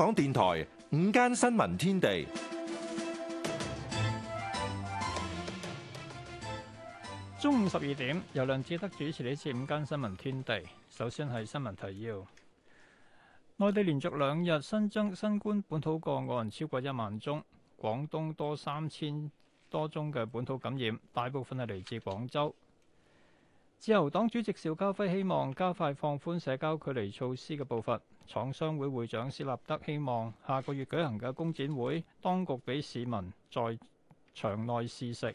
香港電台午間新聞天地，中午十二點，由梁智德主持呢次午間新聞天地。首先係新聞提要：內地連續兩日新增新冠本土個案超過一萬宗，廣東多三千多宗嘅本土感染，大部分係嚟自廣州。自由黨主席邵家輝希望加快放寬社交距離措施嘅步伐。廠商會會長施立德希望下個月舉行嘅工展會，當局俾市民在場內試食。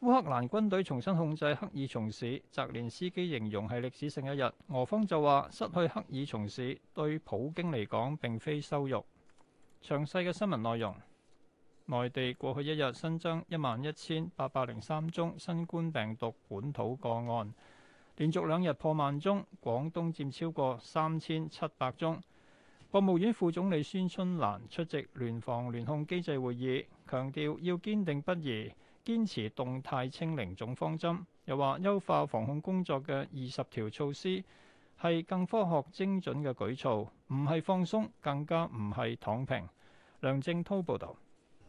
烏克蘭軍隊重新控制克爾松市，澤連斯基形容係歷史性一日。俄方就話失去克爾松市對普京嚟講並非羞辱。詳細嘅新聞內容。內地過去一日新增一萬一千八百零三宗新冠病毒本土個案，連續兩日破萬宗。廣東佔超過三千七百宗。國務院副總理孫春蘭出席聯防聯控機制會議，強調要堅定不移，堅持動態清零總方針，又話優化防控工作嘅二十條措施係更科學精準嘅舉措，唔係放鬆，更加唔係躺平。梁正滔報導。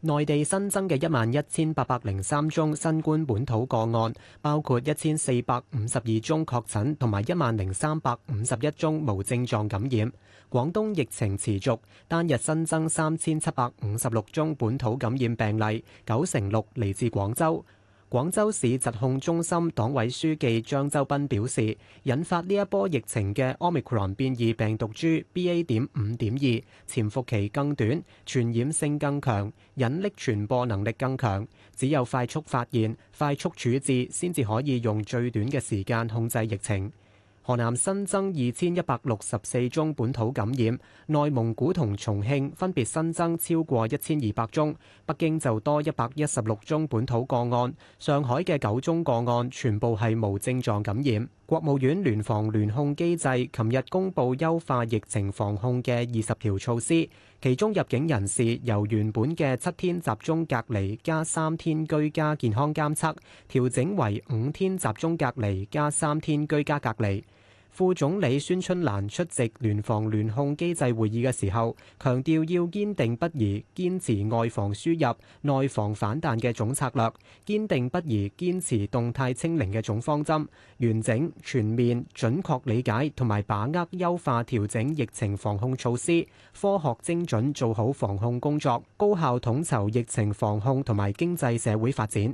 內地新增嘅一萬一千八百零三宗新冠本土個案，包括一千四百五十二宗確診同埋一萬零三百五十一宗無症狀感染。廣東疫情持續，單日新增三千七百五十六宗本土感染病例，九成六嚟自廣州。廣州市疾控中心黨委書記張周斌表示，引發呢一波疫情嘅 Omicron 變異病毒株 BA 點五點二，潛伏期更短，傳染性更強，隱匿傳播能力更強。只有快速發現、快速處置，先至可以用最短嘅時間控制疫情。河南新增二千一百六十四宗本土感染，內蒙古同重慶分別新增超過一千二百宗，北京就多一百一十六宗本土個案。上海嘅九宗個案全部係無症狀感染。國務院聯防聯控機制琴日公布優化疫情防控嘅二十條措施，其中入境人士由原本嘅七天集中隔離加三天居家健康監測，調整為五天集中隔離加三天居家隔離。副總理孫春蘭出席聯防聯控機制會議嘅時候，強調要堅定不移堅持外防輸入、內防反彈嘅總策略，堅定不移堅持動態清零嘅總方針，完整全面準確理解同埋把握優化調整疫情防控措施，科學精準做好防控工作，高效統籌疫情防控同埋經濟社會發展。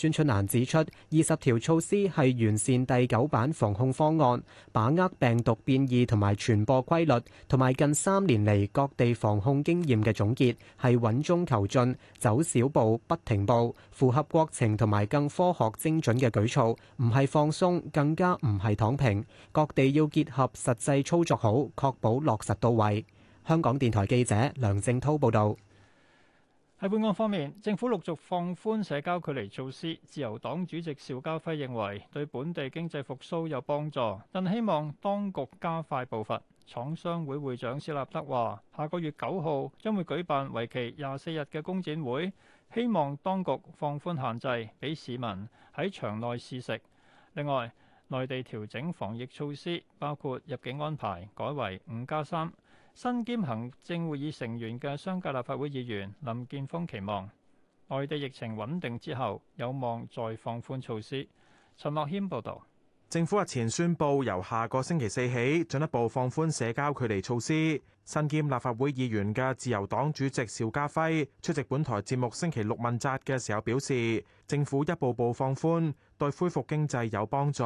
孫春蘭指出，二十條措施係完善第九版防控方案，把握病毒變異同埋傳播規律，同埋近三年嚟各地防控經驗嘅總結，係穩中求進，走小步不停步，符合國情同埋更科學精準嘅舉措，唔係放鬆，更加唔係躺平。各地要結合實際操作好，確保落實到位。香港電台記者梁正滔報導。喺本港方面，政府陸續放寬社交距離措施。自由黨主席邵家輝認為對本地經濟復甦有幫助，但希望當局加快步伐。廠商會會長史立德話下個月九號將會舉辦為期廿四日嘅工展會，希望當局放寬限制，俾市民喺場內試食。另外，內地調整防疫措施，包括入境安排改為五加三。3, 身兼行政會議成員嘅商界立法會議員林建峰期望，內地疫情穩定之後，有望再放寬措施。陳樂軒報導。政府日前宣布由下個星期四起進一步放寬社交距離措施。身兼立法會議員嘅自由黨主席邵家輝出席本台節目星期六問責嘅時候表示，政府一步步放寬，對恢復經濟有幫助。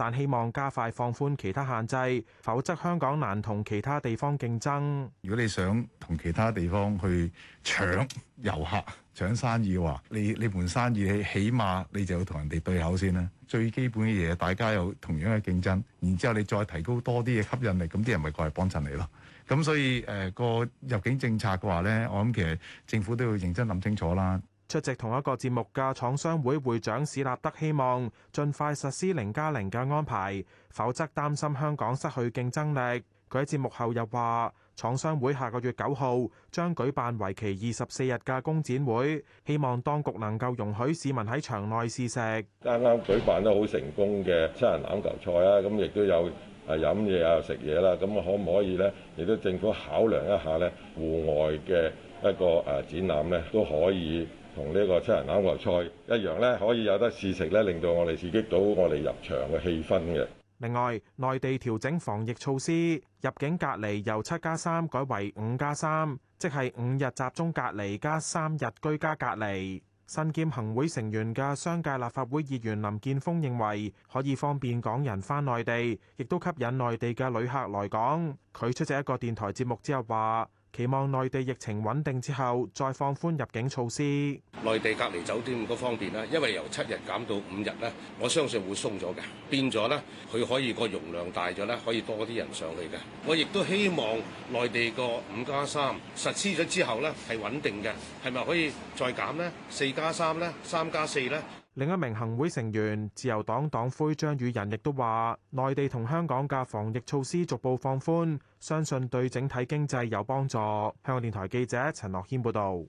但希望加快放寬其他限制，否則香港難同其他地方競爭。如果你想同其他地方去搶遊客、搶生意嘅話，你你盤生意起，起碼你就要同人哋對口先啦。最基本嘅嘢，大家有同樣嘅競爭，然之後你再提高多啲嘅吸引力，咁啲人咪過嚟幫襯你咯。咁所以誒個、呃、入境政策嘅話咧，我諗其實政府都要認真諗清楚啦。出席同一個節目嘅廠商會會長史立德希望盡快實施零加零嘅安排，否則擔心香港失去競爭力。佢喺節目後又話廠商會下個月九號將舉辦為期二十四日嘅工展會，希望當局能夠容許市民喺場內試食。啱啱舉辦得好成功嘅七人欖球賽啊，咁亦都有誒飲嘢啊，食嘢啦，咁啊可唔可以咧？亦都政府考量一下咧，戶外嘅一個誒展覽咧都可以。同呢個七人欖球賽一樣咧，可以有得試食咧，令到我哋刺激到我哋入場嘅氣氛嘅。另外，內地調整防疫措施，入境隔離由七加三改為五加三，3，即係五日集中隔離加三日居家隔離。身兼行會成員嘅商界立法會議員林健鋒認為，可以方便港人返內地，亦都吸引內地嘅旅客來港。佢出席一個電台節目之後話。期望內地疫情穩定之後，再放寬入境措施。內地隔離酒店嗰方面咧，因為由七日減到五日咧，我相信會鬆咗嘅，變咗咧，佢可以個容量大咗咧，可以多啲人上去嘅。我亦都希望內地個五加三實施咗之後咧，係穩定嘅，係咪可以再減咧？四加三咧？三加四咧？另一名行會成員、自由黨黨魁張宇人亦都話：內地同香港嘅防疫措施逐步放寬，相信對整體經濟有幫助。香港電台記者陳樂謙報道。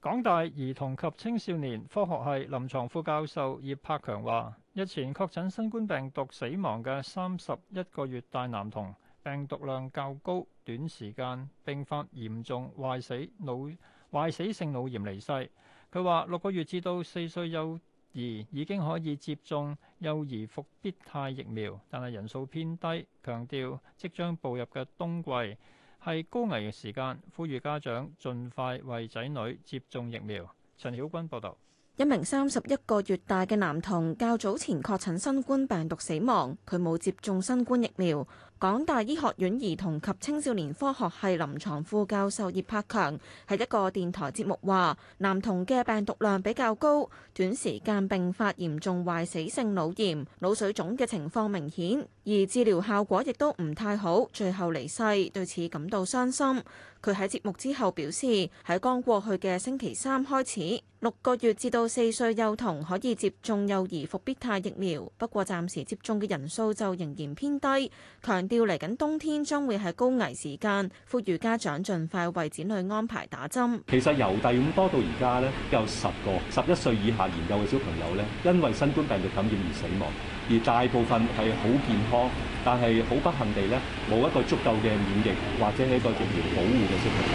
港大兒童及青少年科學系臨床副教授葉柏強話：日前確診新冠病毒死亡嘅三十一個月大男童，病毒量較高，短時間並發嚴重壞死腦壞死性腦炎離世。佢話六個月至到四歲幼而已經可以接種幼兒復必泰疫苗，但係人數偏低。強調即將步入嘅冬季係高危嘅時間，呼籲家長盡快為仔女接種疫苗。陳曉君報導，一名三十一個月大嘅男童較早前確診新冠病毒死亡，佢冇接種新冠疫苗。港大醫學院兒童及青少年科學系臨床副教授葉柏強喺一個電台節目話：男童嘅病毒量比較高，短時間並發嚴重壞死性腦炎、腦水腫嘅情況明顯。而治療效果亦都唔太好，最後離世，對此感到傷心。佢喺節目之後表示，喺剛過去嘅星期三開始，六個月至到四歲幼童可以接種幼兒復必泰疫苗，不過暫時接種嘅人數就仍然偏低。強調嚟緊冬天將會係高危時間，呼籲家長盡快為子女安排打針。其實由第五波到而家咧，有十個十一歲以下年幼嘅小朋友咧，因為新冠病毒感染而死亡。而大部分係好健康，但係好不幸地咧，冇一個足夠嘅免疫或者係一個疫苗保護嘅情況。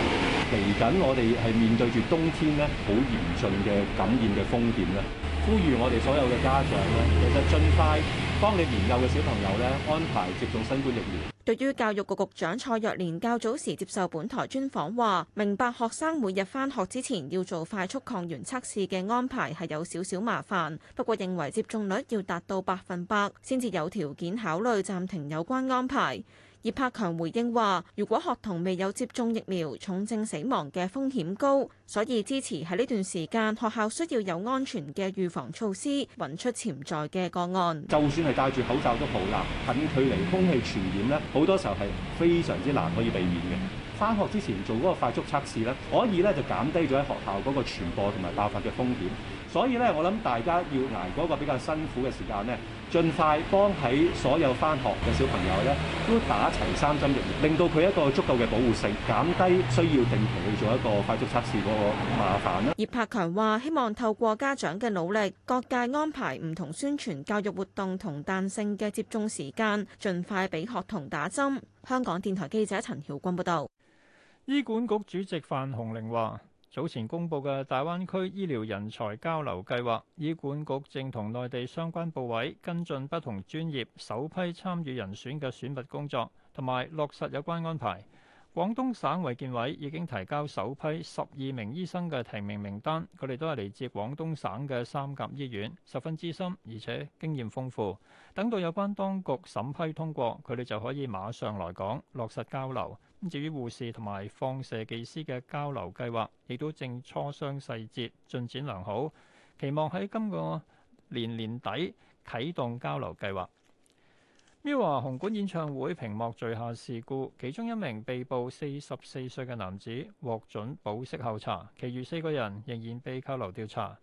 嚟緊我哋係面對住冬天咧，好嚴峻嘅感染嘅風險咧，呼籲我哋所有嘅家長咧，其實盡快。幫你年幼嘅小朋友咧，安排接種新冠疫苗。對於教育局局長蔡若蓮較早時接受本台專訪話，明白學生每日返學之前要做快速抗原測試嘅安排係有少少麻煩，不過認為接種率要達到百分百先至有條件考慮暫停有關安排。葉柏強回應話，如果學童未有接種疫苗，重症死亡嘅風險高，所以支持喺呢段時間學校需要有安全嘅預防措施，揾出潛在嘅個案。就算係戴住口罩都好啦，近距離空氣傳染呢，好多時候係非常之難可以避免嘅。翻學之前做嗰個快速測試咧，可以咧就減低咗喺學校嗰個傳播同埋爆發嘅風險。所以咧，我諗大家要挨嗰個比較辛苦嘅時間呢，盡快幫喺所有翻學嘅小朋友咧都打齊三針疫苗，令到佢一個足夠嘅保護性，減低需要定期去做一個快速測試嗰個麻煩啦。葉柏強話：希望透過家長嘅努力，各界安排唔同宣傳教育活動同彈性嘅接種時間，盡快俾學童打針。香港電台記者陳曉君報道。醫管局主席范鴻齡話，早前公布嘅大灣區醫療人才交流計劃，醫管局正同內地相關部委跟進不同專業首批參與人選嘅選拔工作，同埋落實有關安排。廣東省衛健委已經提交首批十二名醫生嘅提名名單，佢哋都係嚟自廣東省嘅三甲醫院，十分資深而且經驗豐富。等到有關當局審批通過，佢哋就可以馬上來港落實交流。至於護士同埋放射技師嘅交流計劃，亦都正磋商細節，進展良好，期望喺今個年年底啟動交流計劃。MIRROR 紅館演唱會屏幕墜下事故，其中一名被捕四十四歲嘅男子獲准保釋候查，其餘四個人仍然被扣留調查。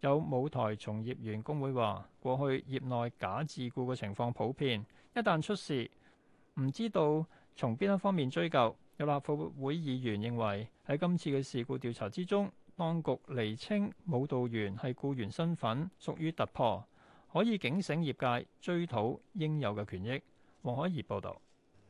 有舞台從業員工會話，過去業內假自僱嘅情況普遍，一旦出事，唔知道從邊一方面追究？有立法會議員認為喺今次嘅事故調查之中，當局釐清舞蹈員係僱員身份屬於突破，可以警醒業界追討應有嘅權益。黃海怡報導。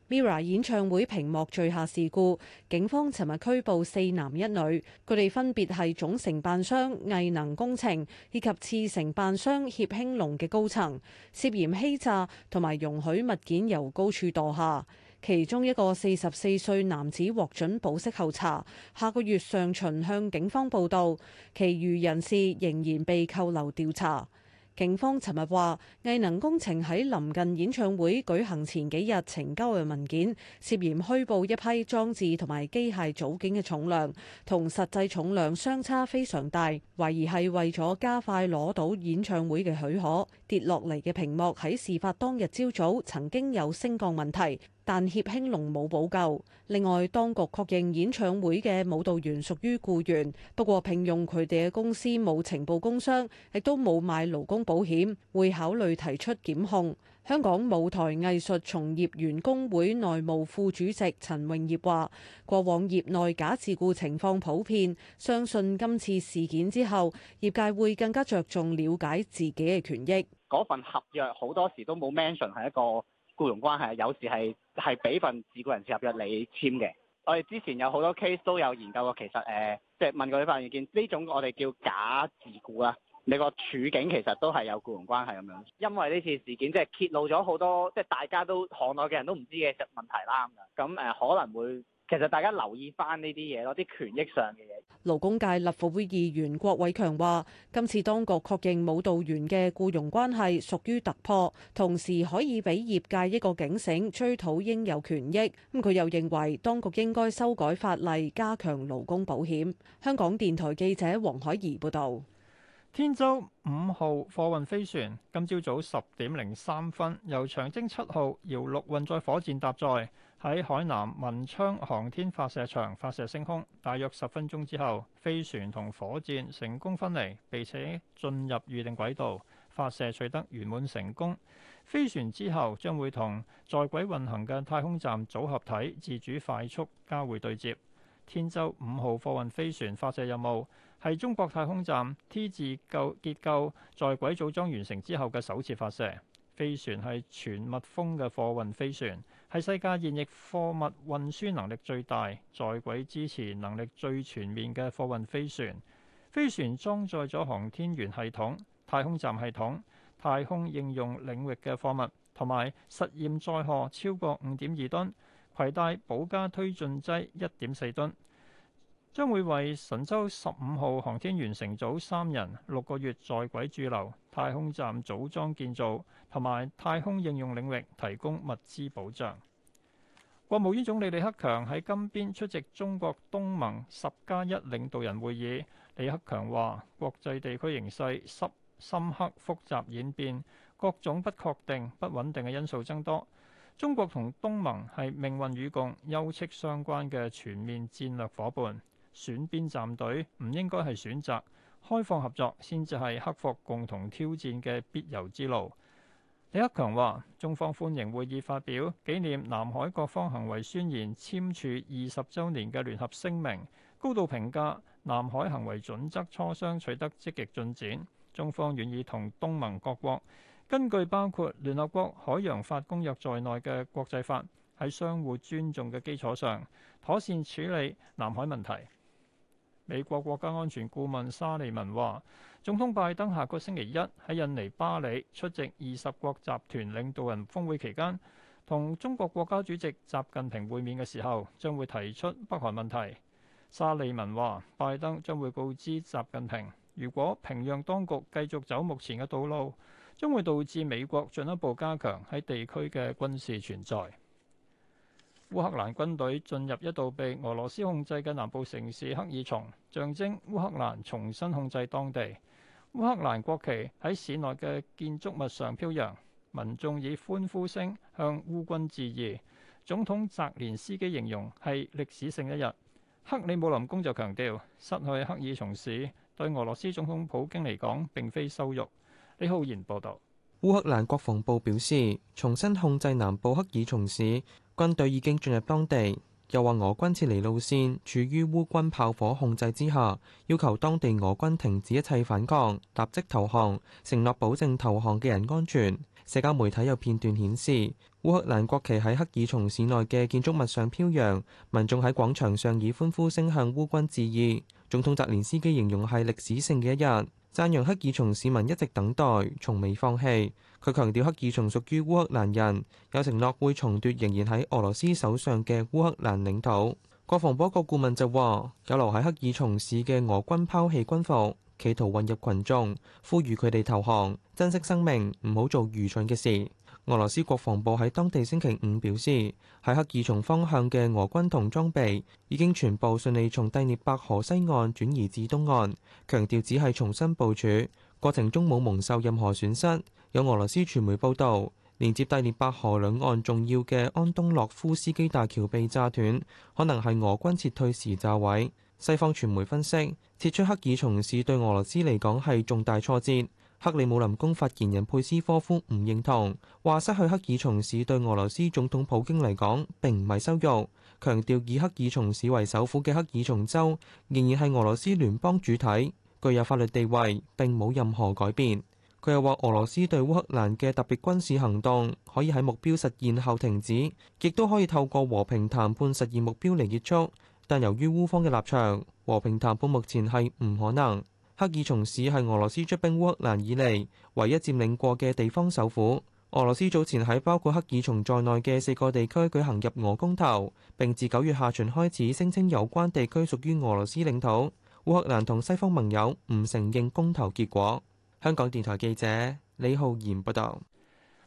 MIRROR 演唱會屏幕墜下事故，警方尋日拘捕四男一女，佢哋分別係總承辦商藝能工程以及次承辦商協興隆嘅高層，涉嫌欺詐同埋容許物件由高處墮下。其中一個四十四歲男子獲准保釋候查，下個月上旬向警方報道。其餘人士仍然被扣留調查。警方尋日話藝能工程喺臨近演唱會舉行前幾日呈交嘅文件涉嫌虛報一批裝置同埋機械組件嘅重量，同實際重量相差非常大，懷疑係為咗加快攞到演唱會嘅許可。跌落嚟嘅屏幕喺事發當日朝早曾經有升降問題。但協興龍冇補救。另外，當局確認演唱會嘅舞蹈員屬於僱員，不過聘用佢哋嘅公司冇呈報工商，亦都冇買勞工保險，會考慮提出檢控。香港舞台藝術從業員工會內務副主席陳榮業話，過往業內假自僱情況普遍，相信今次事件之後，業界會更加着重了解自己嘅權益。嗰份合約好多時都冇 mention 係一個僱傭關係啊，有時係係俾份自僱人士合約你簽嘅。我哋之前有好多 case 都有研究過，其實誒、呃，即係問過啲法律意見，呢種我哋叫假自僱啦。你個處境其實都係有僱傭關係咁樣。因為呢次事件即係揭露咗好多，即係大家都行內嘅人都唔知嘅實問題啦咁。咁、呃、可能會。其實大家留意翻呢啲嘢咯，啲權益上嘅嘢。勞工界立法會議員郭偉強話：今次當局確認舞蹈員嘅僱傭關係屬於突破，同時可以俾業界一個警醒，催討應有權益。咁、嗯、佢又認為當局應該修改法例，加強勞工保險。香港電台記者黃海怡報導。天舟五號貨運飛船今朝早十點零三分由長征七號遙六運載火箭搭載。喺海南文昌航天發射場發射升空，大約十分鐘之後，飛船同火箭成功分離，並且進入預定軌道，發射取得圓滿成功。飛船之後將會同在軌運行嘅太空站組合體自主快速交會對接。天舟五號貨運飛船發射任務係中國太空站 T 字構結構在軌組裝完成之後嘅首次發射。飛船係全密封嘅貨運飛船。係世界現役貨物運輸能力最大、在軌支持能力最全面嘅貨運飛船。飛船裝載咗航天員系統、太空站系統、太空應用領域嘅貨物，同埋實驗載荷超過五點二噸，攜帶補加推進劑一點四噸。將會為神舟十五號航天員乘組三人六個月在軌駐留、太空站組裝建造同埋太空應用領域提供物資保障。國務院總理李克強喺金邊出席中國東盟十加一領導人會議。李克強話：國際地區形勢深深刻複雜演變，各種不確定、不穩定嘅因素增多。中國同東盟係命運與共、休戚相關嘅全面戰略伙伴。選邊站隊唔應該係選擇開放合作，先至係克服共同挑戰嘅必由之路。李克強話：中方歡迎會議發表紀念南海各方行為宣言簽署二十週年嘅聯合聲明，高度評價南海行為準則磋商取得積極進展。中方願意同東盟各國根據包括聯合國海洋法公約在內嘅國際法，喺相互尊重嘅基礎上妥善處理南海問題。美國國家安全顧問沙利文話，總統拜登下個星期一喺印尼巴里出席二十國集團領導人峰會期間，同中國國家主席習近平會面嘅時候，將會提出北韓問題。沙利文話，拜登將會告知習近平，如果平壤當局繼續走目前嘅道路，將會導致美國進一步加強喺地區嘅軍事存在。烏克蘭軍隊進入一度被俄羅斯控制嘅南部城市克爾松，象徵烏克蘭重新控制當地。烏克蘭國旗喺市內嘅建築物上飄揚，民眾以歡呼聲向烏軍致意。總統澤連斯基形容係歷史性一日。克里姆林宮就強調，失去克爾松市對俄羅斯總統普京嚟講並非羞辱。李浩然報道，烏克蘭國防部表示，重新控制南部克爾松市。軍隊已經進入當地，又話俄軍撤離路線處於烏軍炮火控制之下，要求當地俄軍停止一切反抗，立即投降，承諾保證投降嘅人安全。社交媒體有片段顯示，烏克蘭國旗喺赫爾松市內嘅建築物上飄揚，民眾喺廣場上以歡呼聲向烏軍致意。總統澤連斯基形容係歷史性嘅一日。讚揚黑爾松市民一直等待，從未放棄。佢強調，黑爾松屬於烏克蘭人，有承諾會重奪仍然喺俄羅斯手上嘅烏克蘭領土。國防部一個顧問就話、是：有留喺黑爾松市嘅俄軍拋棄軍服，企圖混入群眾，呼籲佢哋投降，珍惜生命，唔好做愚蠢嘅事。俄羅斯國防部喺當地星期五表示，喺克爾松方向嘅俄軍同裝備已經全部順利從第聶伯河西岸轉移至東岸，強調只係重新部署，過程中冇蒙受任何損失。有俄羅斯傳媒報道，連接第聶伯河兩岸重要嘅安東諾夫斯基大橋被炸斷，可能係俄軍撤退時炸毀。西方傳媒分析，撤出克爾松市對俄羅斯嚟講係重大挫折。克里姆林宮發言人佩斯科夫唔認同，話失去克爾松市對俄羅斯總統普京嚟講，並唔係羞辱。強調以克爾松市為首府嘅克爾松州，仍然係俄羅斯聯邦主體，具有法律地位，並冇任何改變。佢又話，俄羅斯對烏克蘭嘅特別軍事行動，可以喺目標實現後停止，亦都可以透過和平談判實現目標嚟結束。但由於烏方嘅立場，和平談判目前係唔可能。克爾松市係俄羅斯出兵烏克蘭以嚟唯一佔領過嘅地方首府。俄羅斯早前喺包括克爾松在內嘅四個地區舉行入俄公投，並自九月下旬開始聲稱有關地區屬於俄羅斯領土。烏克蘭同西方盟友唔承認公投結果。香港電台記者李浩然報道。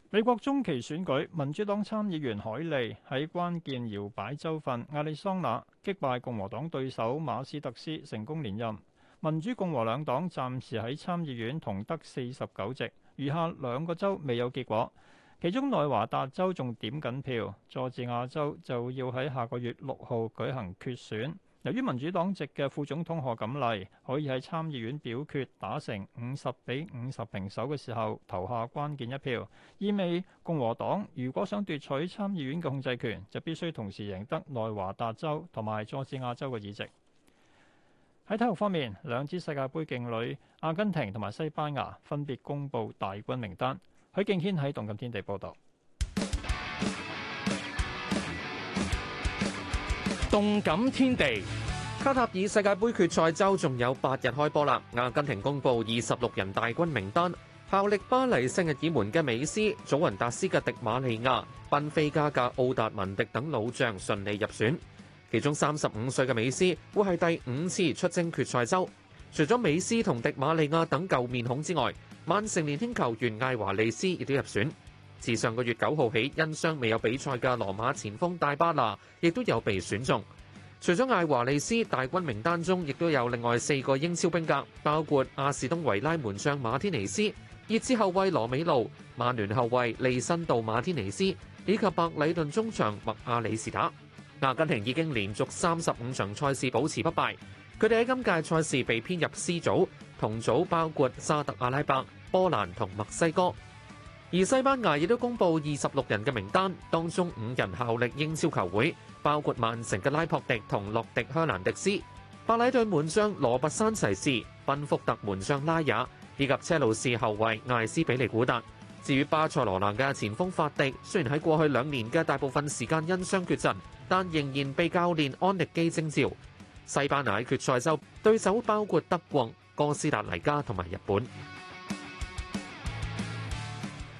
美國中期選舉，民主黨參議員海利喺關鍵搖擺州份亞利桑那擊敗共和黨對手馬斯特斯，成功連任。民主共和兩黨暫時喺參議院同得四十九席，餘下兩個州未有結果。其中內華達州仲點緊票，佐治亞州就要喺下個月六號舉行決選。由於民主黨籍嘅副總統賀錦麗可以喺參議院表決打成五十比五十平手嘅時候投下關鍵一票，意味共和黨如果想奪取參議院嘅控制權，就必須同時贏得內華達州同埋佐治亞州嘅議席。喺體育方面，兩支世界杯勁旅阿根廷同埋西班牙分別公布大軍名單。許敬軒喺動感天地報道。動感天地，天地卡塔爾世界杯決賽周仲有八日開波啦！阿根廷公布二十六人大軍名單，效力巴黎聖日耳門嘅美斯、祖雲達斯嘅迪馬利亞、賓菲加嘅奧達文迪等老將順利入選。其中三十五歲嘅美斯會係第五次出征決賽周。除咗美斯同迪馬利亞等舊面孔之外，曼城年輕球員艾華利斯亦都入選。自上個月九號起因傷未有比賽嘅羅馬前鋒大巴拉亦都有被選中。除咗艾華利斯，大軍名單中亦都有另外四個英超兵格，包括阿士東維拉門將馬天尼斯、熱刺後衛羅美路、曼聯後衛利申道馬天尼斯以及白里頓中場麥阿里士打。阿根廷已經連續三十五場賽事保持不敗。佢哋喺今屆賽事被編入 C 組，同組包括沙特阿拉伯、波蘭同墨西哥。而西班牙亦都公布二十六人嘅名單，當中五人效力英超球會，包括曼城嘅拉珀迪同洛迪赫蘭迪斯、白禮頓門將羅伯山齊士、賓福特門將拉雅以及車路士後衛艾斯比利古達。至於巴塞羅那嘅前鋒法迪，雖然喺過去兩年嘅大部分時間因傷缺陣。但仍然被教練安力基徵召。西班牙喺決賽周對手包括德國、哥斯達黎加同埋日本。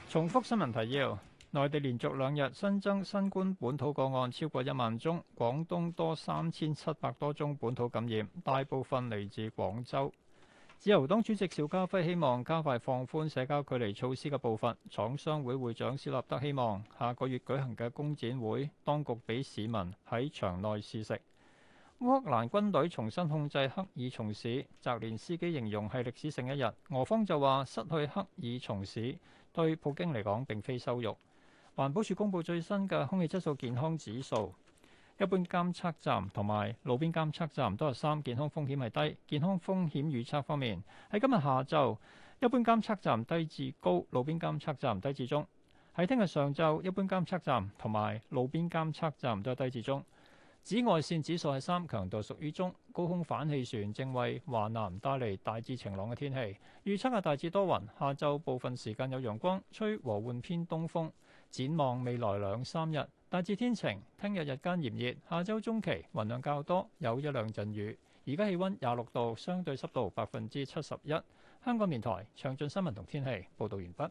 重複新聞提要：內地連續兩日新增新冠本土個案超過一萬宗，廣東多三千七百多宗本土感染，大部分嚟自廣州。自由黨主席邵家輝希望加快放寬社交距離措施嘅步伐。廠商會會長史立德希望下個月舉行嘅工展會，當局俾市民喺場內試食。烏克蘭軍隊重新控制克爾松市，澤連斯基形容係歷史性一日。俄方就話失去克爾松市對普京嚟講並非羞辱。環保署公布最新嘅空氣質素健康指數。一般監測站同埋路邊監測站都係三，健康風險係低。健康風險預測方面，喺今日下晝，一般監測站低至高，路邊監測站低至中。喺聽日上晝，一般監測站同埋路邊監測站都係低至中。紫外線指數係三，強度屬於中。高空反氣旋正為華南帶嚟大致晴朗嘅天氣，預測係大致多雲，下晝部分時間有陽光，吹和緩偏東風。展望未來兩三日，大致天晴，聽日日間炎熱，下週中期雲量較多，有一兩陣雨。而家氣溫廿六度，相對濕度百分之七十一。香港電台詳盡新聞同天氣報導完畢。